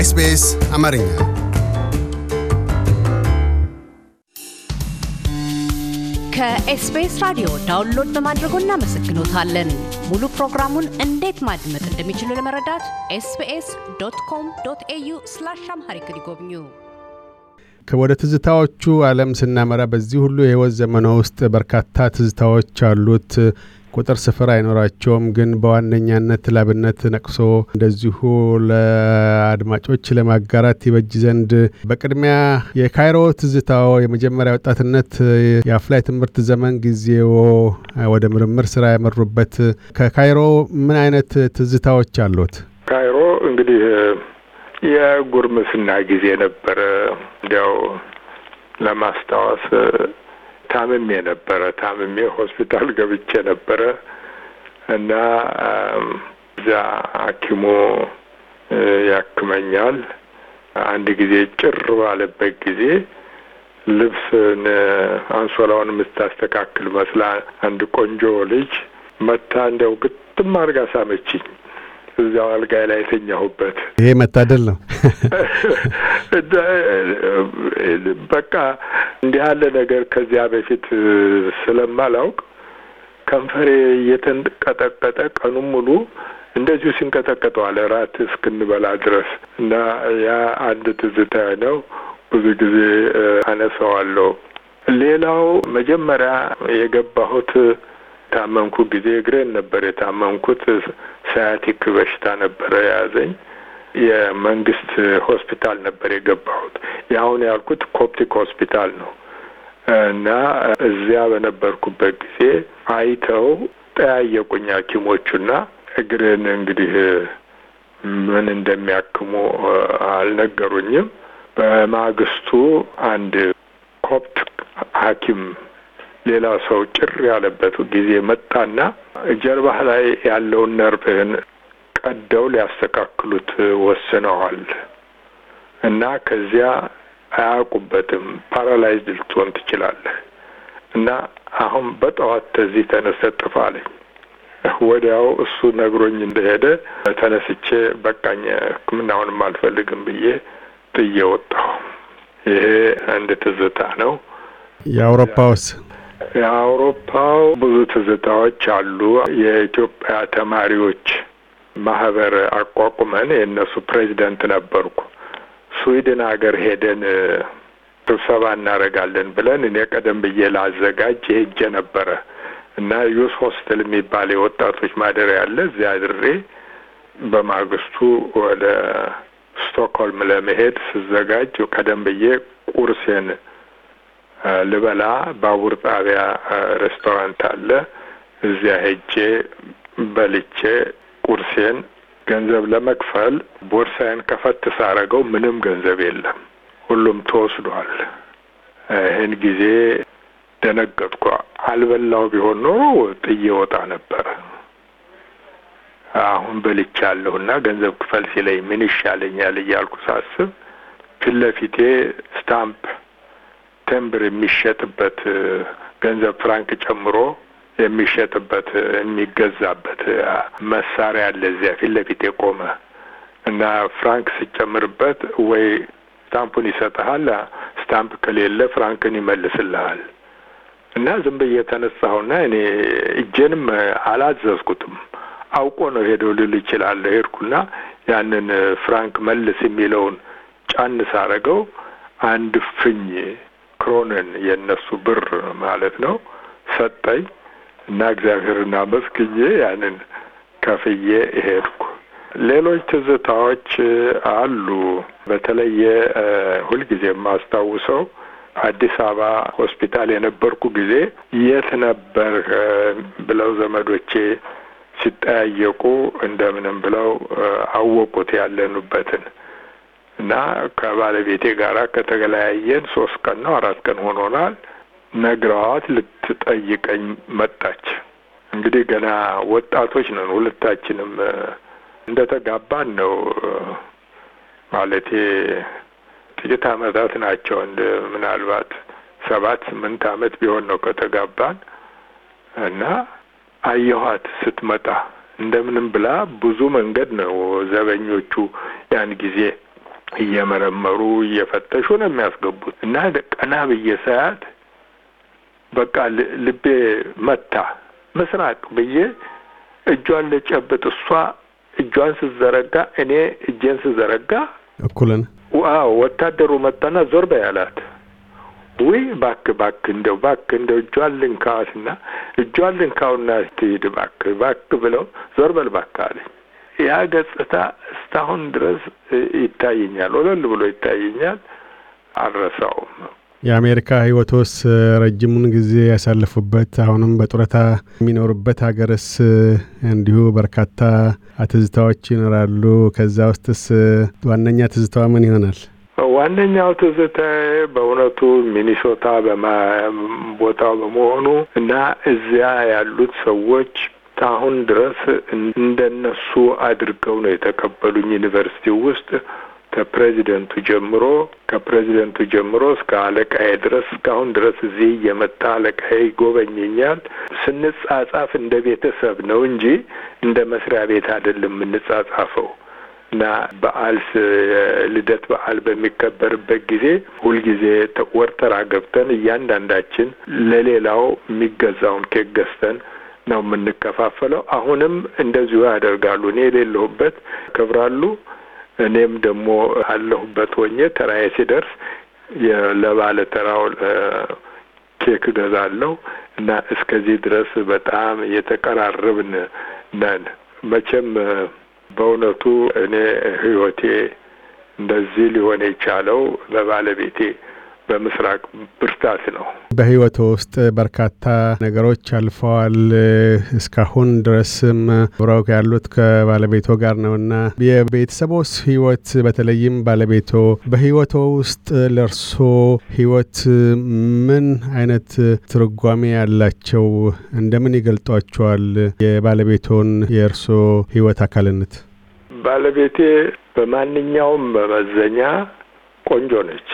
ኤስቢኤስ አማርኛ ከኤስቢኤስ ራዲዮ ዳውንሎድ በማድረጎ እናመሰግኖታለን። ሙሉ ፕሮግራሙን እንዴት ማድመጥ እንደሚችሉ ለመረዳት ኤስቢኤስ ዶት ኮም ዶት ኤዩ ስላሽ አምሃሪክ ይጎብኙ። ወደ ትዝታዎቹ ዓለም ስናመራ በዚህ ሁሉ የህይወት ዘመኖ ውስጥ በርካታ ትዝታዎች አሉት። ቁጥር ስፍር አይኖራቸውም። ግን በዋነኛነት ላብነት ነቅሶ እንደዚሁ ለአድማጮች ለማጋራት ይበጅ ዘንድ በቅድሚያ የካይሮ ትዝታዎ የመጀመሪያ ወጣትነት የአፍላይ ትምህርት ዘመን ጊዜዎ ወደ ምርምር ስራ ያመሩበት ከካይሮ ምን አይነት ትዝታዎች አሉት? ካይሮ እንግዲህ የጉርምስና ጊዜ ነበረ። እንዲያው ለማስታወስ ታምሜ ነበረ። ታምሜ ሆስፒታል ገብቼ ነበረ እና እዛ ሐኪሙ ያክመኛል። አንድ ጊዜ ጭር ባለበት ጊዜ ልብስ አንሶላውን የምታስተካክል መስላ አንድ ቆንጆ ልጅ መታ እንደው ግጥም አድርጋ ሳመችኝ። እዚያው አልጋይ ላይ የተኛሁበት። ይሄ መታደል ነው። በቃ እንዲህ ያለ ነገር ከዚያ በፊት ስለማላውቅ ከንፈሬ እየተንቀጠቀጠ ቀኑን ሙሉ እንደዚሁ ሲንቀጠቀጠዋል እራት እስክንበላ ድረስ እና ያ አንድ ትዝታ ነው። ብዙ ጊዜ አነሳዋለሁ። ሌላው መጀመሪያ የገባሁት ታመምኩ ጊዜ እግሬን ነበር የታመምኩት። ሳያቲክ በሽታ ነበረ የያዘኝ። የመንግስት ሆስፒታል ነበር የገባሁት። የአሁን ያልኩት ኮፕቲክ ሆስፒታል ነው እና እዚያ በነበርኩበት ጊዜ አይተው ጠያየቁኝ ሐኪሞቹና እግርን እንግዲህ ምን እንደሚያክሙ አልነገሩኝም። በማግስቱ አንድ ኮፕት ሐኪም ሌላ ሰው ጭር ያለበት ጊዜ መጣና ጀርባህ ላይ ያለውን ነርቭህን ቀደው ሊያስተካክሉት ወስነዋል እና ከዚያ አያውቁበትም። ፓራላይዝድ ልትሆን ትችላለህ እና አሁን በጠዋት ተዚህ ተነስተህ ጥፋ አለኝ። ወዲያው እሱ ነግሮኝ እንደሄደ ተነስቼ በቃኝ፣ ሕክምናውንም አልፈልግም ብዬ ጥዬ ወጣሁ። ይሄ አንድ ትዝታ ነው። የአውሮፓ ውስጥ የአውሮፓው ብዙ ትዝታዎች አሉ። የኢትዮጵያ ተማሪዎች ማህበር አቋቁመን የእነሱ ፕሬዚደንት ነበርኩ። ስዊድን ሀገር ሄደን ስብሰባ እናደርጋለን ብለን እኔ ቀደም ብዬ ላዘጋጅ ሄጄ ነበረ እና ዩስ ሆስትል የሚባል የወጣቶች ማደሪያ ያለ እዚያ አድሬ በማግስቱ ወደ ስቶክሆልም ለመሄድ ስዘጋጅ ቀደም ብዬ ቁርሴን ልበላ ባቡር ጣቢያ ሬስቶራንት አለ። እዚያ ሄጄ በልቼ ቁርሴን ገንዘብ ለመክፈል ቦርሳዬን ከፈት ሳረገው ምንም ገንዘብ የለም፣ ሁሉም ተወስዷል። ይህን ጊዜ ደነገጥኩ። አልበላው ቢሆን ኖሮ ጥዬ ወጣ ነበር። አሁን በልቻለሁና ገንዘብ ክፈል ሲለኝ ምን ይሻለኛል እያልኩ ሳስብ ፊት ለፊቴ ስታምፕ ቴምብር የሚሸጥበት ገንዘብ ፍራንክ ጨምሮ የሚሸጥበት የሚገዛበት መሳሪያ አለ እዚያ ፊት ለፊት የቆመ እና ፍራንክ ስጨምርበት ወይ ስታምፑን ይሰጠሃል። ስታምፕ ከሌለ ፍራንክን ይመልስልሃል። እና ዝም ብዬ የተነሳሁና እኔ እጄንም አላዘዝኩትም። አውቆ ነው ሄደው ልል ይችላለሁ። ሄድኩና ያንን ፍራንክ መልስ የሚለውን ጫን ሳረገው አንድ ፍኝ ክሮንን የእነሱ ብር ማለት ነው ሰጠኝ እና እግዚአብሔርን አመስግኜ ያንን ከፍዬ ሄድኩ። ሌሎች ትዝታዎች አሉ። በተለየ ሁልጊዜ የማስታውሰው አዲስ አበባ ሆስፒታል የነበርኩ ጊዜ የት ነበር ብለው ዘመዶቼ ሲጠያየቁ እንደምንም ብለው አወቁት ያለንበትን እና ከባለቤቴ ጋር ከተገለያየን ሶስት ቀን ነው አራት ቀን ሆኖናል። ነግረዋት ልትጠይቀኝ መጣች። እንግዲህ ገና ወጣቶች ነን ሁለታችንም። እንደ ተጋባን ነው ማለቴ ጥቂት አመታት ናቸው። ምናልባት ሰባት ስምንት አመት ቢሆን ነው ከተጋባን እና አየኋት ስትመጣ እንደምንም ብላ ብዙ መንገድ ነው ዘበኞቹ ያን ጊዜ እየመረመሩ እየፈተሹ ነው የሚያስገቡት። እና ቀና ብዬ ሰዓት በቃ ልቤ መታ ምስራቅ ብዬ እጇን ልጨብጥ፣ እሷ እጇን ስዘረጋ እኔ እጄን ስዘረጋ እኩልን ዋው ወታደሩ መጣና ዞር በይ አላት። ውይ ባክ ባክ እንደው ባክ እንደው እጇን ልንካዋትና እጇን ልንካውና ትሂድ ባክ ባክ ብለው ዞር በል ባክ አለኝ። ያ ገጽታ እስካሁን ድረስ ይታየኛል፣ ወለል ብሎ ይታየኛል። አልረሳውም። የአሜሪካ ህይወቶስ ረጅሙን ጊዜ ያሳለፉበት አሁንም በጡረታ የሚኖሩበት ሀገርስ እንዲሁ በርካታ ትዝታዎች ይኖራሉ። ከዛ ውስጥስ ዋነኛ ትዝታዋ ምን ይሆናል? ዋነኛው ትዝታ በእውነቱ ሚኒሶታ ቦታው በመሆኑ እና እዚያ ያሉት ሰዎች እስካሁን ድረስ እንደነሱ አድርገው ነው የተቀበሉኝ። ዩኒቨርሲቲ ውስጥ ከፕሬዚደንቱ ጀምሮ ከፕሬዚደንቱ ጀምሮ እስከ አለቃዬ ድረስ እስካሁን ድረስ እዚህ እየመጣ አለቃዬ ይጎበኘኛል። ስንጻጻፍ እንደ ቤተሰብ ነው እንጂ እንደ መስሪያ ቤት አይደለም የምንጻጻፈው እና በዓል ልደት በዓል በሚከበርበት ጊዜ ሁልጊዜ ወርተራ ገብተን እያንዳንዳችን ለሌላው የሚገዛውን ኬክ ገዝተን ነው የምንከፋፈለው። አሁንም እንደዚሁ ያደርጋሉ። እኔ የሌለሁበት ክብራሉ እኔም ደግሞ አለሁበት ሆኜ ተራዬ ሲደርስ ለባለ ተራው ኬክ እገዛለሁ እና እስከዚህ ድረስ በጣም የተቀራረብን ነን። መቼም በእውነቱ እኔ ህይወቴ እንደዚህ ሊሆን የቻለው በባለቤቴ በምስራቅ ብርታት ነው። በህይወት ውስጥ በርካታ ነገሮች አልፈዋል። እስካሁን ድረስም አብረው ያሉት ከባለቤቶ ጋር ነውና የቤተሰቦስ ህይወት በተለይም ባለቤቶ በህይወቶ ውስጥ ለእርሶ ህይወት ምን አይነት ትርጓሜ ያላቸው እንደምን ይገልጧቸዋል? የባለቤቶን የእርሶ ህይወት አካልነት ባለቤቴ በማንኛውም መመዘኛ ቆንጆ ነች።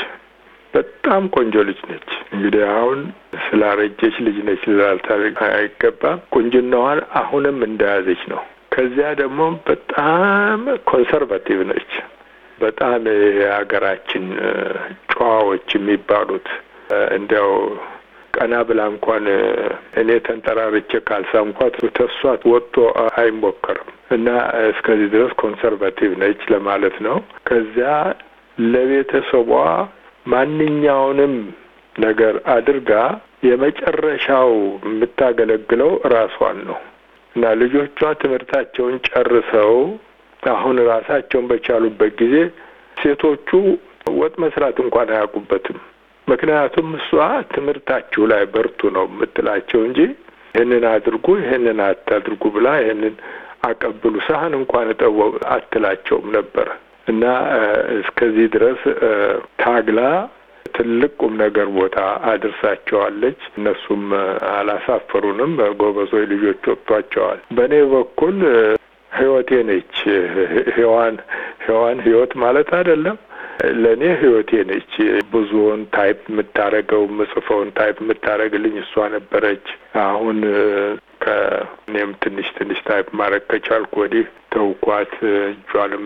በጣም ቆንጆ ልጅ ነች። እንግዲህ አሁን ስላረጀች ልጅ ነች ስላልታረቅ አይገባም። ቁንጅናዋን አሁንም እንደያዘች ነው። ከዚያ ደግሞ በጣም ኮንሰርቫቲቭ ነች። በጣም የሀገራችን ጨዋዎች የሚባሉት እንዲያው ቀና ብላ እንኳን እኔ ተንጠራርቼ ካልሳምኳት ተሷት ወጥቶ አይሞከርም እና እስከዚህ ድረስ ኮንሰርቫቲቭ ነች ለማለት ነው። ከዚያ ለቤተሰቧ ማንኛውንም ነገር አድርጋ የመጨረሻው የምታገለግለው ራሷን ነው እና ልጆቿ ትምህርታቸውን ጨርሰው አሁን ራሳቸውን በቻሉበት ጊዜ ሴቶቹ ወጥ መስራት እንኳን አያውቁበትም። ምክንያቱም እሷ ትምህርታችሁ ላይ በርቱ ነው የምትላቸው እንጂ ይህንን አድርጉ፣ ይህንን አታድርጉ ብላ ይህንን አቀብሉ፣ ሳህን እንኳን እጠወ አትላቸውም ነበር። እና እስከዚህ ድረስ ታግላ ትልቅ ቁም ነገር ቦታ አድርሳቸዋለች። እነሱም አላሳፈሩንም። ጎበዞች ልጆች ወጥቷቸዋል። በእኔ በኩል ህይወቴ ነች። ህዋን ህዋን ህይወት ማለት አይደለም ለእኔ ህይወቴ ነች። ብዙውን ታይፕ የምታደርገው ምጽፈውን ታይፕ የምታረግልኝ እሷ ነበረች። አሁን ከእኔም ትንሽ ትንሽ ታይፕ ማድረግ ከቻልኩ ወዲህ ተውኳት። እጇንም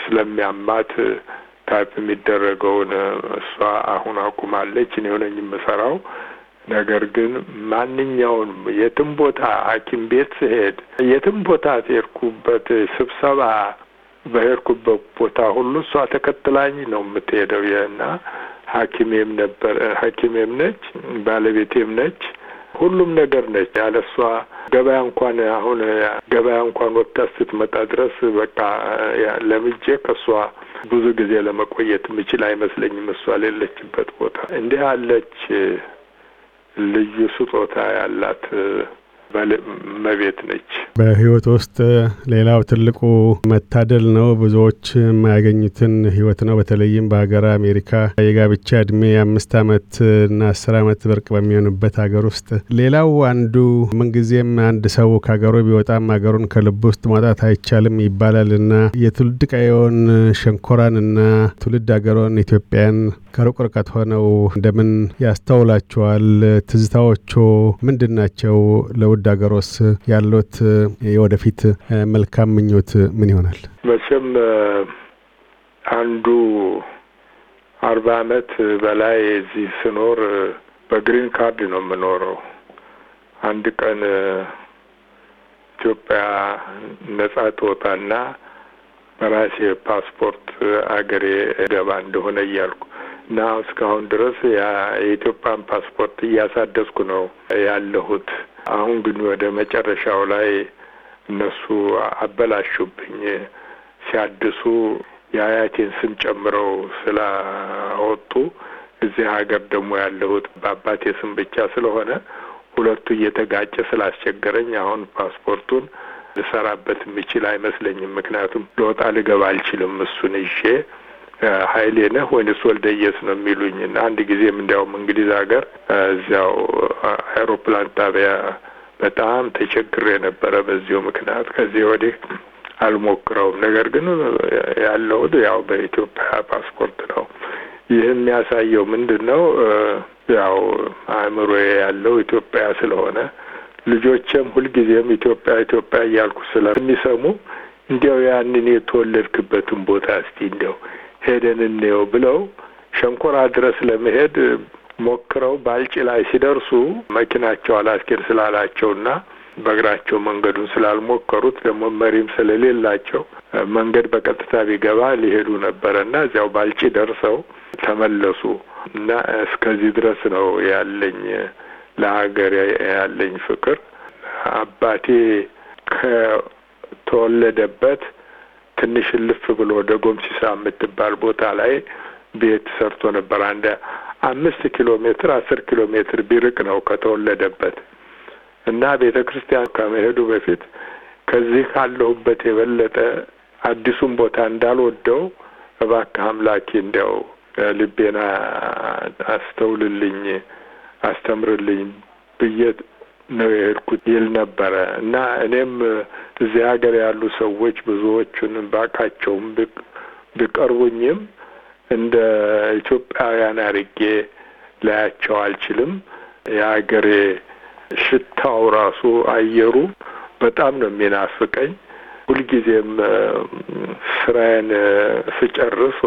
ስለሚያማት ታይፕ የሚደረገውን እሷ አሁን አቁማለች። እኔ ሆነኝ የምሰራው ነገር ግን ማንኛውንም የትም ቦታ ሐኪም ቤት ስሄድ የትም ቦታ ሄድኩበት ስብሰባ በሄድኩበት ቦታ ሁሉ እሷ ተከትላኝ ነው የምትሄደው። ይህና ሐኪሜም ነበር ሐኪሜም ነች ባለቤቴም ነች። ሁሉም ነገር ነች። ያለሷ ገበያ እንኳን አሁን ገበያ እንኳን ወጥታ ስትመጣ ድረስ በቃ ለምጄ ከሷ ብዙ ጊዜ ለመቆየት የምችል አይመስለኝም። እሷ ሌለችበት ቦታ እንዲህ ያለች ልዩ ስጦታ ያላት መቤት ነች። በህይወት ውስጥ ሌላው ትልቁ መታደል ነው። ብዙዎች የማያገኙትን ህይወት ነው። በተለይም በሀገር አሜሪካ የጋብቻ እድሜ አምስት ዓመት እና አስር ዓመት ብርቅ በሚሆንበት ሀገር ውስጥ ሌላው አንዱ ምንጊዜም አንድ ሰው ከሀገሩ ቢወጣም ሀገሩን ከልብ ውስጥ ማውጣት አይቻልም ይባላል እና የትውልድ ቀየውን ሸንኮራን እና ትውልድ ሀገሮን ኢትዮጵያን ከሩቅ ርቀት ሆነው እንደምን ያስተውላቸዋል? ትዝታዎቹ ምንድን ናቸው? ለውድ ሀገሮስ ያሉት የወደፊት መልካም ምኞት ምን ይሆናል? መቼም አንዱ አርባ አመት በላይ እዚህ ስኖር በግሪን ካርድ ነው የምኖረው። አንድ ቀን ኢትዮጵያ ነጻ ትወጣና በራሴ ፓስፖርት አገሬ ገባ እንደሆነ እያልኩ እና እስካሁን ድረስ የኢትዮጵያን ፓስፖርት እያሳደስኩ ነው ያለሁት። አሁን ግን ወደ መጨረሻው ላይ እነሱ አበላሹብኝ። ሲያድሱ የአያቴን ስም ጨምረው ስላወጡ እዚህ ሀገር ደግሞ ያለሁት በአባቴ ስም ብቻ ስለሆነ ሁለቱ እየተጋጨ ስላስቸገረኝ አሁን ፓስፖርቱን ልሰራበት የሚችል አይመስለኝም። ምክንያቱም ልወጣ ልገባ አልችልም እሱን ይዤ ሀይሌ ነህ ወይንስ ወልደየስ ነው የሚሉኝ እና አንድ ጊዜም እንዲያውም እንግሊዝ ሀገር እዚያው አይሮፕላን ጣቢያ በጣም ተቸግሬ ነበረ በዚሁ ምክንያት። ከዚህ ወዲህ አልሞክረውም። ነገር ግን ያለሁት ያው በኢትዮጵያ ፓስፖርት ነው። ይህ የሚያሳየው ምንድን ነው? ያው አእምሮ ያለው ኢትዮጵያ ስለሆነ ልጆቼም ሁልጊዜም ኢትዮጵያ ኢትዮጵያ እያልኩ ስለሚሰሙ እንዲያው ያንን የተወለድክበትን ቦታ እስቲ እንዲያው ሄደን እንየው ብለው ሸንኮራ ድረስ ለመሄድ ሞክረው ባልጭ ላይ ሲደርሱ መኪናቸው አላስኬድ ስላላቸውና በእግራቸው መንገዱን ስላልሞከሩት ደግሞ መሪም ስለሌላቸው መንገድ በቀጥታ ቢገባ ሊሄዱ ነበረና እዚያው ባልጭ ደርሰው ተመለሱ እና እስከዚህ ድረስ ነው ያለኝ ለሀገር ያለኝ ፍቅር። አባቴ ከተወለደበት ትንሽ ልፍ ብሎ ወደ ጎምሲሳ የምትባል ቦታ ላይ ቤት ሰርቶ ነበር። አንድ አምስት ኪሎ ሜትር አስር ኪሎ ሜትር ቢርቅ ነው ከተወለደበት እና ቤተ ክርስቲያን ከመሄዱ በፊት ከዚህ ካለሁበት የበለጠ አዲሱን ቦታ እንዳልወደው እባክህ አምላኬ እንዲያው ልቤና አስተውልልኝ፣ አስተምርልኝ ብዬ ነው የሄድኩት ይል ነበረ እና እኔም እዚህ ሀገር ያሉ ሰዎች ብዙዎቹን ባቃቸውም ቢቀርቡኝም እንደ ኢትዮጵያውያን አድርጌ ላያቸው አልችልም። የሀገሬ ሽታው ራሱ አየሩ በጣም ነው የሚናፍቀኝ። ሁልጊዜም ስራዬን ስጨርስ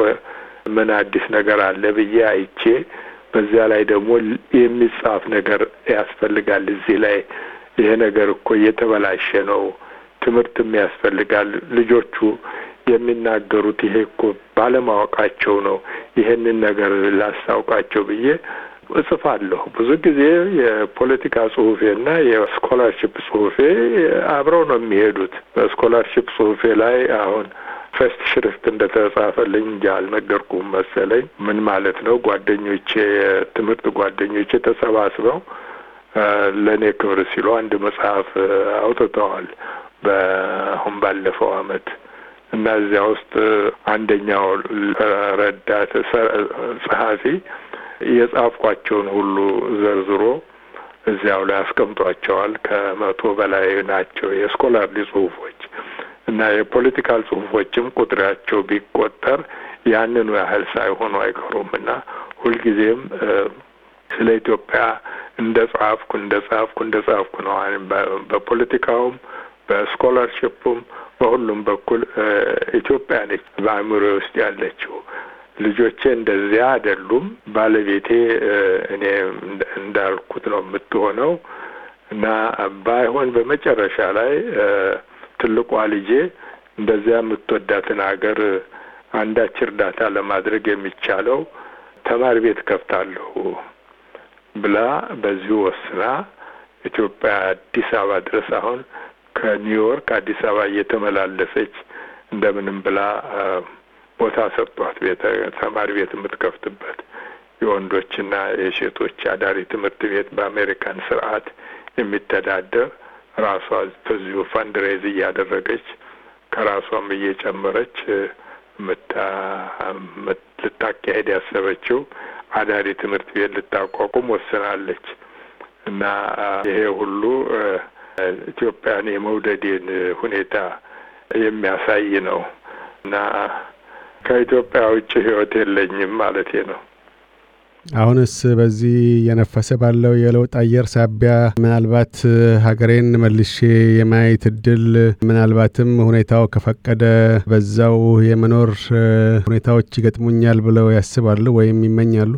ምን አዲስ ነገር አለ ብዬ አይቼ በዚያ ላይ ደግሞ የሚጻፍ ነገር ያስፈልጋል። እዚህ ላይ ይሄ ነገር እኮ እየተበላሸ ነው፣ ትምህርትም ያስፈልጋል። ልጆቹ የሚናገሩት ይሄ እኮ ባለማወቃቸው ነው፣ ይሄንን ነገር ላስታውቃቸው ብዬ እጽፋለሁ። ብዙ ጊዜ የፖለቲካ ጽሁፌና የስኮላርሽፕ ጽሁፌ አብረው ነው የሚሄዱት። በስኮላርሽፕ ጽሁፌ ላይ አሁን ፈስት ሽሪፍት እንደተጻፈልኝ እንጂ አልነገርኩም መሰለኝ። ምን ማለት ነው? ጓደኞቼ የትምህርት ጓደኞቼ ተሰባስበው ለእኔ ክብር ሲሉ አንድ መጽሐፍ አውጥተዋል በአሁን ባለፈው አመት እና እዚያ ውስጥ አንደኛው ረዳት ጸሐፊ የጻፍኳቸውን ሁሉ ዘርዝሮ እዚያው ላይ አስቀምጧቸዋል። ከመቶ በላይ ናቸው የስኮላርሊ ጽሁፎች እና የፖለቲካል ጽሁፎችም ቁጥራቸው ቢቆጠር ያንኑ ያህል ሳይሆኑ አይቀሩም እና ሁልጊዜም ስለ ኢትዮጵያ እንደ ጻፍኩ እንደ ጻፍኩ እንደ ጻፍኩ ነው። በፖለቲካውም በስኮላርሽፕም በሁሉም በኩል ኢትዮጵያ ነች በአእምሮ ውስጥ ያለችው። ልጆቼ እንደዚያ አይደሉም። ባለቤቴ እኔ እንዳልኩት ነው የምትሆነው እና ባይሆን በመጨረሻ ላይ ትልቋ ልጄ እንደዚያ የምትወዳትን ሀገር አንዳች እርዳታ ለማድረግ የሚቻለው ተማሪ ቤት ከፍታለሁ ብላ በዚሁ ወስና ኢትዮጵያ አዲስ አበባ ድረስ አሁን ከኒውዮርክ አዲስ አበባ እየተመላለሰች እንደምንም ብላ ቦታ ሰጥቷት ቤተ ተማሪ ቤት የምትከፍትበት የወንዶችና የሴቶች አዳሪ ትምህርት ቤት በአሜሪካን ስርዓት የሚተዳደር ራሷ ከዚሁ ፈንድሬዝ እያደረገች ከራሷም እየጨመረች ልታካሄድ ያሰበችው አዳሪ ትምህርት ቤት ልታቋቁም ወስናለች እና ይሄ ሁሉ ኢትዮጵያን የመውደዴን ሁኔታ የሚያሳይ ነው እና ከኢትዮጵያ ውጭ ሕይወት የለኝም ማለቴ ነው። አሁንስ በዚህ እየነፈሰ ባለው የለውጥ አየር ሳቢያ ምናልባት ሀገሬን መልሼ የማየት እድል ምናልባትም ሁኔታው ከፈቀደ በዛው የመኖር ሁኔታዎች ይገጥሙኛል ብለው ያስባሉ ወይም ይመኛሉ?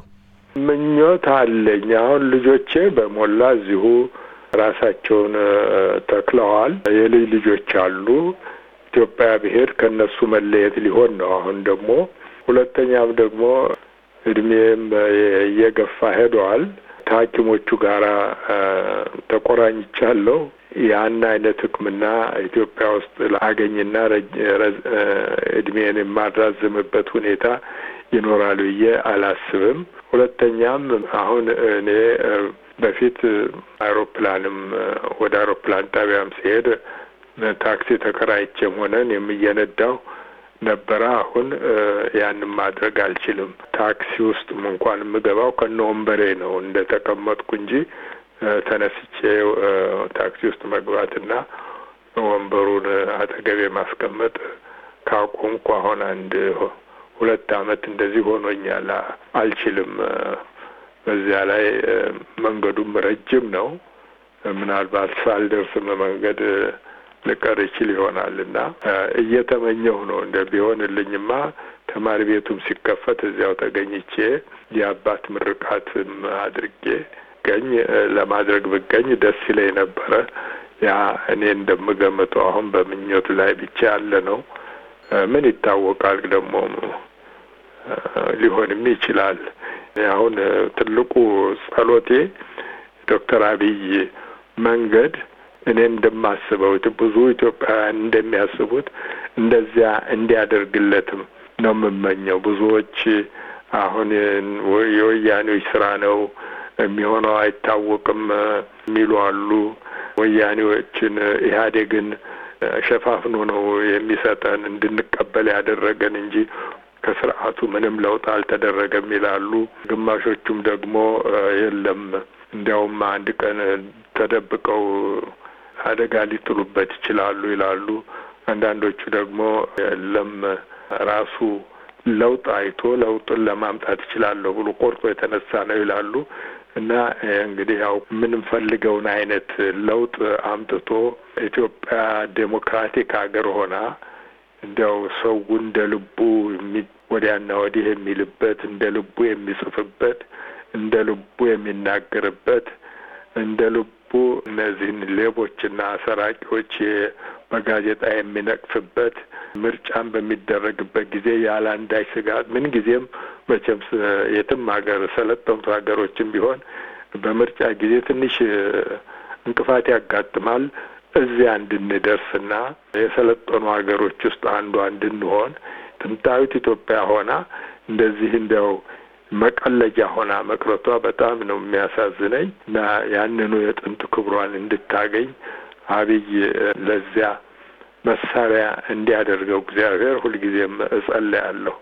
ምኞት አለኝ። አሁን ልጆቼ በሞላ እዚሁ ራሳቸውን ተክለዋል። የልጅ ልጆች አሉ። ኢትዮጵያ ብሄድ ከእነሱ መለየት ሊሆን ነው። አሁን ደግሞ ሁለተኛም ደግሞ እድሜም እየገፋ ሄደዋል። ከሐኪሞቹ ጋር ተቆራኝቻለሁ። ያን አይነት ሕክምና ኢትዮጵያ ውስጥ ለአገኝና እድሜን የማራዝምበት ሁኔታ ይኖራል ብዬ አላስብም። ሁለተኛም አሁን እኔ በፊት አይሮፕላንም ወደ አይሮፕላን ጣቢያም ሲሄድ ታክሲ ተከራይቼም ሆነን የምየነዳው ነበረ። አሁን ያንን ማድረግ አልችልም። ታክሲ ውስጥም እንኳን የምገባው ከነ ወንበሬ ነው እንደ ተቀመጥኩ እንጂ ተነስቼ ታክሲ ውስጥ መግባትና ወንበሩን አጠገቤ ማስቀመጥ ካቆምኩ አሁን አንድ ሁለት አመት እንደዚህ ሆኖኛል። አልችልም። በዚያ ላይ መንገዱም ረጅም ነው። ምናልባት ሳልደርስ መንገድ ልቀር ይችል ይሆናል እና እየተመኘሁ ነው እንደ ቢሆንልኝማ ተማሪ ቤቱም ሲከፈት እዚያው ተገኝቼ የአባት ምርቃትም አድርጌ ገኝ ለማድረግ ብገኝ ደስ ይለኝ ነበረ። ያ እኔ እንደምገምጠው አሁን በምኞት ላይ ብቻ ያለ ነው። ምን ይታወቃል ደግሞ ሊሆንም ይችላል። አሁን ትልቁ ጸሎቴ ዶክተር አብይ መንገድ እኔ እንደማስበው ብዙ ኢትዮጵያውያን እንደሚያስቡት እንደዚያ እንዲያደርግለትም ነው የምመኘው። ብዙዎች አሁን የወያኔዎች ስራ ነው የሚሆነው አይታወቅም የሚሉ አሉ። ወያኔዎችን ኢህአዴግን ሸፋፍኖ ነው የሚሰጠን እንድንቀበል ያደረገን እንጂ ከስርዓቱ ምንም ለውጥ አልተደረገም ይላሉ። ግማሾቹም ደግሞ የለም እንዲያውም አንድ ቀን ተደብቀው አደጋ ሊጥሉበት ይችላሉ ይላሉ። አንዳንዶቹ ደግሞ የለም ራሱ ለውጥ አይቶ ለውጡን ለማምጣት ይችላለሁ ብሎ ቆርጦ የተነሳ ነው ይላሉ። እና እንግዲህ ያው የምንፈልገውን አይነት ለውጥ አምጥቶ ኢትዮጵያ ዴሞክራቲክ ሀገር ሆና እንዲያው ሰው እንደ ልቡ ወዲያና ወዲህ የሚልበት፣ እንደ ልቡ የሚጽፍበት፣ እንደ ልቡ የሚናገርበት፣ እንደ ልቡ የገቡ እነዚህን ሌቦችና ሰራቂዎች በጋዜጣ የሚነቅፍበት ምርጫን በሚደረግበት ጊዜ ያለ አንዳች ስጋት ምን ጊዜም መቼም የትም ሀገር ሰለጠኑት ሀገሮችም ቢሆን በምርጫ ጊዜ ትንሽ እንቅፋት ያጋጥማል። እዚያ እንድንደርስና የሰለጠኑ ሀገሮች ውስጥ አንዷ እንድንሆን ጥንታዊት ኢትዮጵያ ሆና እንደዚህ እንዲያው መቀለጃ ሆና መቅረቷ በጣም ነው የሚያሳዝነኝ እና ያንኑ የጥንቱ ክብሯን እንድታገኝ አብይ ለዚያ መሳሪያ እንዲያደርገው እግዚአብሔር ሁልጊዜም እጸልያለሁ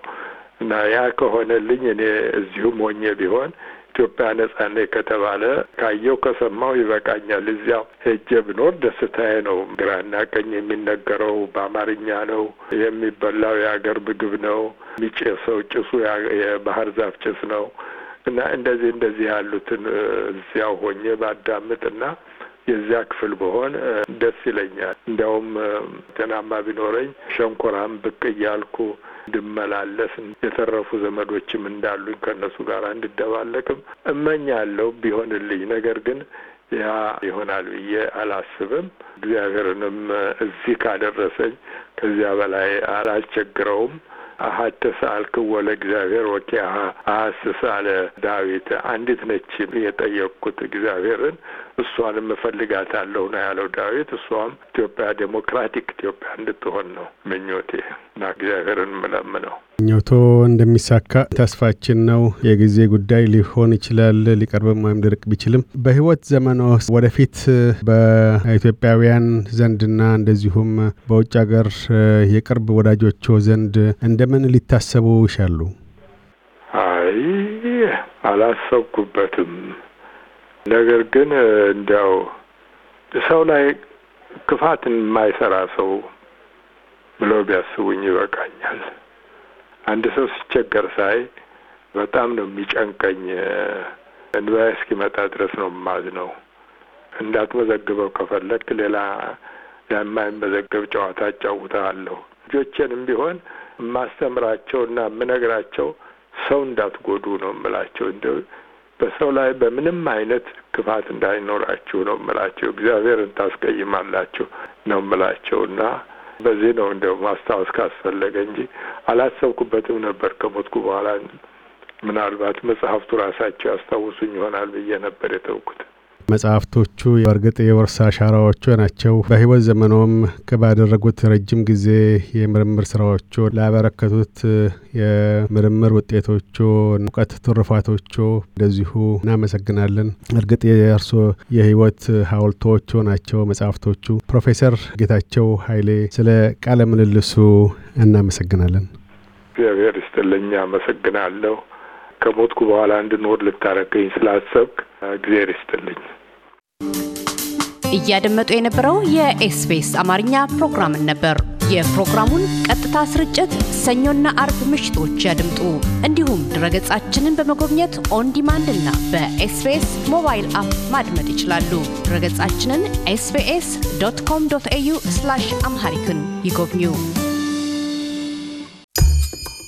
እና ያ ከሆነልኝ እኔ እዚሁም ሆኜ ቢሆን ኢትዮጵያ ነጻ ነኝ ከተባለ ካየው ከሰማው ይበቃኛል። እዚያ ሄጄ ብኖር ደስታዬ ነው። ግራና ቀኝ የሚነገረው በአማርኛ ነው። የሚበላው የሀገር ምግብ ነው። የሚጨሰው ጭሱ የባህር ዛፍ ጭስ ነው እና እንደዚህ እንደዚህ ያሉትን እዚያው ሆኜ ባዳምጥ እና የዚያ ክፍል በሆን ደስ ይለኛል። እንዲያውም ጤናማ ቢኖረኝ ሸንኮራም ብቅ እያልኩ እንድመላለስ የተረፉ ዘመዶችም እንዳሉኝ ከእነሱ ጋር እንድደባለቅም እመኛለሁ ቢሆንልኝ። ነገር ግን ያ ይሆናል ብዬ አላስብም። እግዚአብሔርንም እዚህ ካደረሰኝ ከዚያ በላይ አላስቸግረውም። አሀተ ሰአልክ ወለ እግዚአብሔር ወኪያሀ አስሳለ ዳዊት። አንዲት ነች የጠየቅኩት እግዚአብሔርን እሷንም እፈልጋታለሁ ነው ያለው ዳዊት። እሷም ኢትዮጵያ ዴሞክራቲክ ኢትዮጵያ እንድትሆን ነው ምኞቴ እና እግዚአብሔርን ምለምነው ኞቶ እንደሚሳካ ተስፋችን ነው። የጊዜ ጉዳይ ሊሆን ይችላል፣ ሊቀርብም ወይም ሊርቅ ቢችልም በህይወት ዘመኖ ወደፊት በኢትዮጵያውያን ዘንድና እንደዚሁም በውጭ ሀገር የቅርብ ወዳጆች ዘንድ እንደምን ሊታሰቡ ይሻሉ? አይ አላሰብኩበትም። ነገር ግን እንዲያው ሰው ላይ ክፋትን የማይሰራ ሰው ብለው ቢያስቡኝ ይበቃኛል። አንድ ሰው ሲቸገር ሳይ በጣም ነው የሚጨንቀኝ። እንባ እስኪመጣ ድረስ ነው ማዝ ነው። እንዳትመዘግበው ከፈለክ ሌላ የማይመዘገብ ጨዋታ አጫውተሃለሁ። ልጆቼንም ቢሆን የማስተምራቸውና የምነግራቸው ሰው እንዳትጎዱ ነው የምላቸው። እንደ በሰው ላይ በምንም አይነት ክፋት እንዳይኖራችሁ ነው ምላቸው። እግዚአብሔር ታስቀይማላችሁ ነው ምላቸው እና በዚህ ነው እንደው ማስታወስ ካስፈለገ እንጂ አላሰብኩበትም ነበር። ከሞትኩ በኋላ ምናልባት መጽሐፍቱ ራሳቸው ያስታውሱኝ ይሆናል ብዬ ነበር የተውኩት። መጽሐፍቶቹ በእርግጥ የወርሳ አሻራዎቹ ናቸው። በህይወት ዘመኖም ከባደረጉት ረጅም ጊዜ የምርምር ስራዎቹ ላበረከቱት የምርምር ውጤቶቹ፣ እውቀት ትሩፋቶቹ እንደዚሁ እናመሰግናለን። እርግጥ የእርሶ የህይወት ሀውልቶቹ ናቸው መጽሐፍቶቹ። ፕሮፌሰር ጌታቸው ኃይሌ ስለ ቃለ ምልልሱ እናመሰግናለን። እግዚአብሔር ይስጥልኝ። አመሰግናለሁ። ከሞትኩ በኋላ እንድኖር ልታረገኝ ስላሰብክ እግዜር ይስጥልኝ። እያደመጡ የነበረው የኤስቢኤስ አማርኛ ፕሮግራምን ነበር። የፕሮግራሙን ቀጥታ ስርጭት ሰኞና አርብ ምሽቶች ያድምጡ። እንዲሁም ድረገጻችንን በመጎብኘት ኦን ዲማንድ እና በኤስቢኤስ ሞባይል አፕ ማድመጥ ይችላሉ። ድረገጻችንን ኤስቢኤስ ዶት ኮም ዶት ኤዩ አምሃሪክን ይጎብኙ።